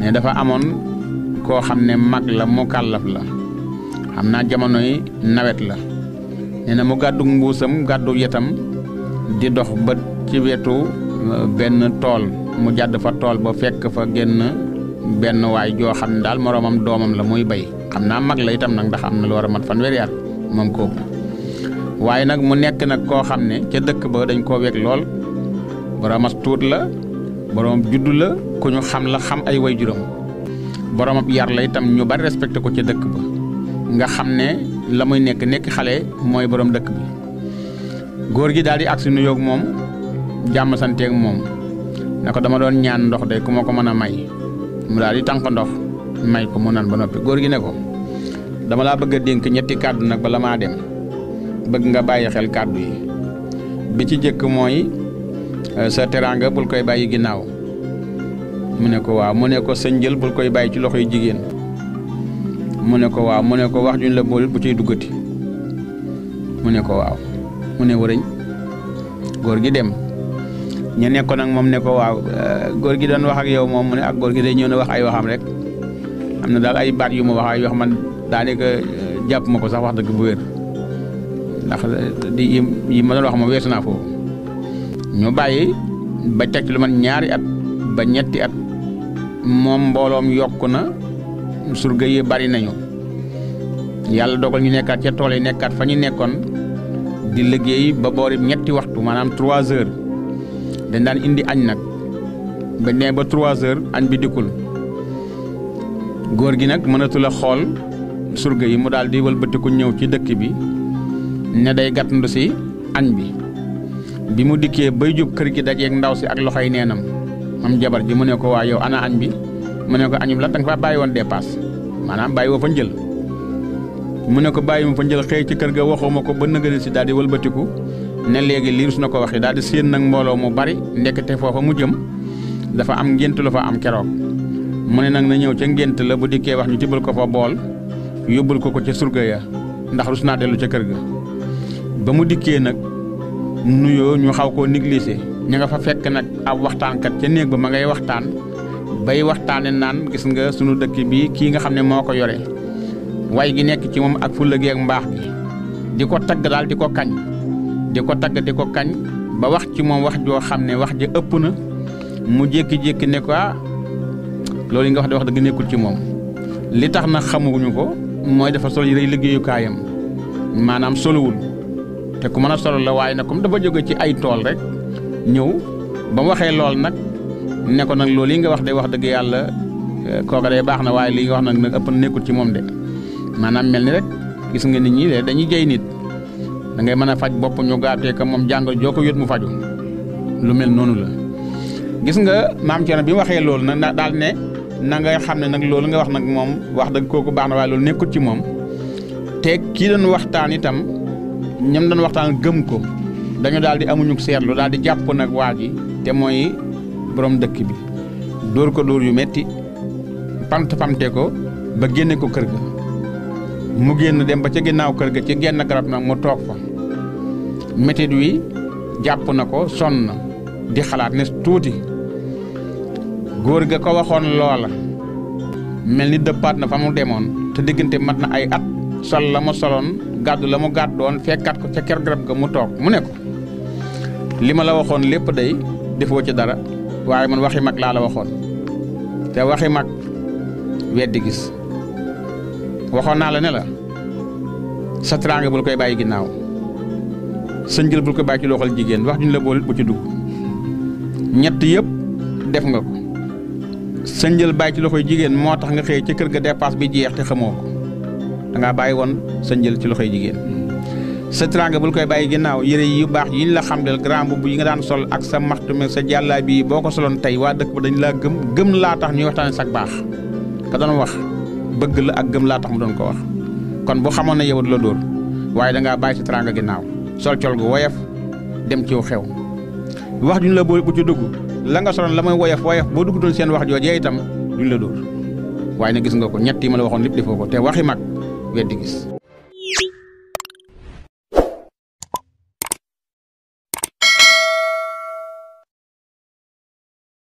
ne dafa amoon koo xam ne mag la mu kàllaf la xam naa jamonoy nawet la nee mu gàddu mbuusam gàddu yetam di dox ba ci wetu euh, benn tool mu jàdd fa tool ba fekk fa génn benn waay joo xam ne daal moroomam doomam la muy bay xam naa mag la itam nag dax am na lu war a mat fanweeri at moom kooku waaye nag mu nekk nag koo xam ne ca dëkk ba dañ koo weg lool boroomas tuut la boroom juddu la ku ñu xam la xam ay waajuram boroom ab yar la itam ñu bari respecté ko ca dëkk ba nga xam ne la muy nekk nekk xale mooy boroom dëkk bi góor gi daal di agsi nuyoog moom jàmm santeeg moom na ko dama doon ñaan ndox de ku ko mën a may mu daal di tànk ndox may ko mu naan ba noppi góor gi ne ko dama laa bëgg a dénk ñetti kàddu nag bala maa dem bëgg nga bàyyi xel kàddu yi bi ci jëkk mooy sa teraanga bul koy bàyyi ginnaaw mu ne ko waaw mu ne ko sa njël koy bàyyi ci loxoy jigéen mu ne ko waaw mu ne ko wax juñ la bool bu ciy duggati mu ne ko waaw mu ne wërëñ góor gi dem ñu nekkoon ak moom ne ko waaw euh, góor gi doon wax ak yow moom mu ne ak góor gi day ñëw na wax ay waxam rek am na daal ay baat yu ma wax ay wax man daanaka euh, jàpp ma ko sax wax dëgg bu wér ndax euh, di yi ma doon wax ma weesu naa foofu ñu bàyyi ba teg lu man ñaari at ba ñetti at moom mbooloom yokk na surga yi bari nañu yàlla dogal ñu nekkaat ca tool yi nekkaat fa ñu nekkoon di liggéey ba boori ñetti waxtu maanaam trois heures dañ daan indi añ nag ba nee ba trois heures añ bi dikkul góor gi nag mënatul a xool surga yi mu daal di wëlbatiku ñëw ci dëkk bi ne day gàttandu si añ bi bi mu dikkee bay jub kër gi dajeeg ndaw si ak loxoy neenam moom jabar ji mu ne ko waa yow ana añ bi mu ne ko añum lan da nga faa bàyyi woon dépasse maanaam bàyyi woo fa njël mu ne ko bàyyi mu fa njël xëy ci kër ga waxuma ko ba nëgëni si daal di wëlbatiku ne léegi lii rus na ko waxi daal di séen nag mbooloo mu bari ndekete foofa mu jëm dafa am ngént lu fa am keroog mu ne nag na ñëw ca ngént la bu dikkee wax ñu tibbal ko fa bool yóbbul ko ko ca surga ya ndax rus naa dellu ca kër ga ba mu dikkee nag nuyoo ñu xaw koo négliger ña nga fa fekk nag ab waxtaankat ca néeg ba ma ngay waxtaan bay waxtaane naan gis nga sunu dëkk bi kii nga xam ne moo ko yore way gi nekk ci moom ak fulla gi ak mbaax gi di ko tagg daal di ko kañ di ko tagg di ko kañ ba wax ci moom wax joo xam ne wax ji ëpp na mu jékki-jékki ne ko ah, loolu yi nga wax de wax dëgg nekkul ci moom li tax na xamuñu ko mooy dafa sol yi yëre liggéeyukaayam maanaam solowul te ku mën a solo la waaye nag comme dafa jóge ci ay tool rek ñëw ba mu waxee lool nag nekkoon ko nag loolu yi nga wax day wax dëgg yàlla euh, kooka day baax na waaye lii nga wax nag nag ëpp na nekkul ci moom de maanaam mel ni rek gis nga nit ñi dañuy jey nit dangay mën a faj bopp ñu gaatee ko moom jàngal joo ko yët mu faju lu mel noonu la gis nga maam Thierno bi mu waxee loolu nag daal ne na nga xam ne nag loolu nga wax nag moom wax dëgg kooku baax na waaye loolu nekkul ci moom te kii doon waxtaan itam ñam doon waxtaan gëm ko dañu daal di amuñu seetlu daal di jàpp nag waa ji te mooy borom dëkk bi dóor ko dóor yu metti pant ko ba génne ko kër ga mu génn dem ba ca ginnaaw kër ga ci genn garab nag mu toog fa métit wi jàpp na ko sonn na di xalaat ne tuuti góor ga ko waxoon loola mel ni dëppaat na fa mu demoon te diggante mat na ay at sol la mu soloon gàddu la mu gàddoon fekkaat ko ca kër garab ga mu toog mu ne ko li ma la waxoon lépp day defoo ci dara waaye man waxi mag laa la waxoon te waxi mag weddi gis waxoon naa la ne la sa teraanga bul koy bàyyi ginnaaw sa bu bul koy bàyyi ci loxol jigéen wax duñ la boolit bu ci dugg ñett yëpp def nga ko sa bàyyi ci loxoy jigéen moo tax nga xëy ci kër ga dépasse bi jeex te xamoo ko da bàyyi woon sa njël ci loxoy jigéen sa teraanga bul koy bàyyi ginnaaw yére yu baax yi ñu la xam del grand mbubb yi nga daan sol ak sa maxtume sa jàllaa bi boo ko soloon tey waa dëkk ba dañ laa gëm gëm laa tax ñuy waxtaane sag baax ka doon wax bëgg la ak gëm laa tax mu doon ko wax kon bu xamoon na yow du la dóor waaye dangaa bàyyi sa ginnaaw sol col gu woyof dem ci ciw xew wax duñ la bu ci dugg la nga soloon la mooy woyof woyof boo dugg doon seen wax joojee itam duñ la dóor waaye gis nga ko ñett yi ma la waxoon lépp defoo ko te waxi mag